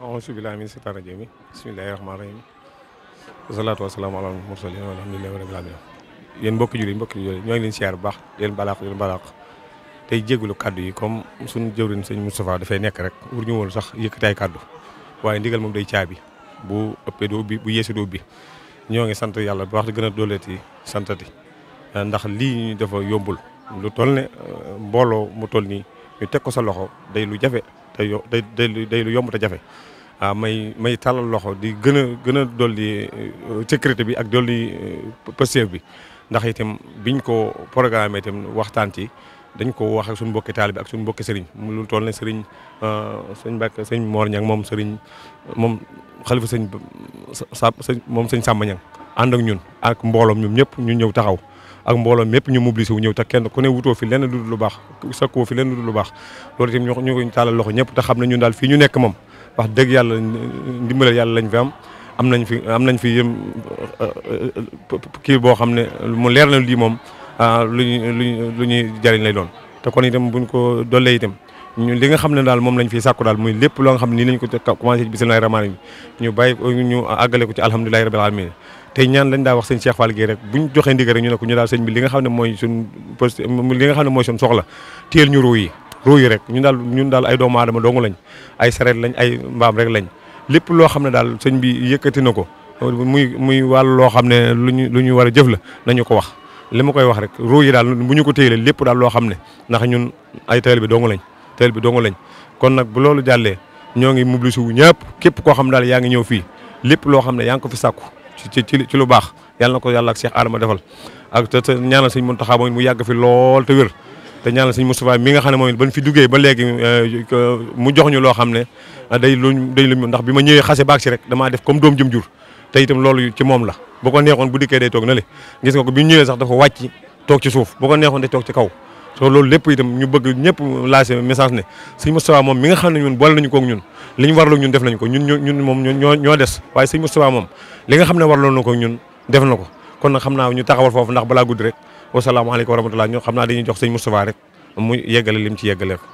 auzu billaahi min seytaani rajiim bismillaahi rahmaani rahiim wasalaatu wasalaamu ala mursalin walhamdulillahi rabbil alamin yéen mbokki jullit mbokki jullit ñoo ngi leen siyaar bu baax leen balaax leen balaax tey jégalu kàddu yi comme suñu jëwriñ sëñ Moustapha dafay nekk rek wur ñu woon sax yëkkataay kàddu waaye ndigal moom day caabi bu ëppee du ubbi bu yeesee du ubbi ñoo ngi sant yàlla bu wax di gën a dooleeti santati ndax lii ñu dafa yombul lu toll ne mbooloo mu toll nii ñu teg ko sa loxo day lu jafe day day day lu yomb te jafe waaw ah, may may tàllal loxo di gën a gën a dolli eh, sécurité bi ak dolli eh, pësteef bi ndax itam biñ ko programme itam waxtaan ci dañ ko wax ak suñu mbokki taalibe ak suñ mbokki sëriñ mu lu toll ne sëriñ ah, sëñ Mbàkke sëñ Moor Ñang moom sëriñ moom xalifa sëñ sa moom sëñ Sàmba Ñang ànd ak ñun ak mbooloom ñun ñëpp ñu ñëw taxaw ak mbooloo mépp ñu mobilisé wu ñëw te kenn ku ne wutoo fi lenn lu dul lu baax sakkoo fi lenn lu dul lu baax loolu itam ñu ñu tàllal loxo ñëpp xam ne ñun daal ñu nekk moom wax dëgg yàlla ndimbalal yàlla lañ fi am am nañ fi am nañ fi yëm euh, euh, kii boo xam ne mu leer na lii moom ah, luñu luñu lu ñuy jariñ lay doon te kon itam buñ ko dollee itam ñu li nga xam ne daal moom lañ fiy sàkku daal muy lépp loo nga xam ne nii lañ ko commencé ci bismillahi rahmaani ñu bàyyi ñu àggale ko ci alhamdulilahi rabbil alamin tey ñaan lañ daa wax sëñ Cheikh Fall Guèye rek buñ joxee ndigal ñu ne ko ñu daal sëñ bi li nga xam ne mooy suñ post li nga xam ne mooy suñ soxla téel ñu ruu yi ruu yi rek ñu daal ñun daal ay doomu aadama dongu lañ ay sareet lañ ay mbaam rek lañ lépp loo xam ne daal sëñ bi yëkkati na ko muy muy wàll loo xam ne lu ñu war a jëf la nañu ko wax li ma koy wax rek ruu yi daal bu ñu ko téyelee lépp daal loo xam ne ndax ñun ay teel bi dongu lañ teel bi dongu lañ kon nag bu loolu jàllee ñoo ngi mobiliser wu ñëpp képp koo xam daal yaa ngi ñëw fi lépp loo xam ne yaa ngi ko fi sàkku ci ci ci lu baax yàlla ko yàlla ak Cheikh Adama defal ak te ñaanal sëñ Mountakha moom mu yàgg fi lool te wér te ñaanal sëñ Moustapha mi nga xam ne moom bañ fi duggee ba léegi euh, mu jox ñu loo xam ne ah, day luñ day luñ ndax bi ma ñëwee xase baag si rek damaa def comme doom jëm jur loolu ci moom la bu ko neexoon bu dikkee day toog na le nga ko bi ñëwee sax dafa wàcc toog ci suuf bu ko neexoon day toog ci kaw so loolu lépp itam ñu bëgg ñëpp laajte message ne sëñ Moustapha moom mi nga xam ne ñun boole nañu koog ñun li ñu waraloon ñun def nañ ko ñun ñun moom ñoo ñoo des waaye sëñ Moustapha moom li nga xam ne waraloon na ko ñun def na ko kon nag xam na ñu taxawal foofu ndax balaa gudd rek wasalaamaaleykum wa rahmatulah ñoo xam naa dañuy jox sëñ Moustapha rek mu yeggale lim ci yeggale ko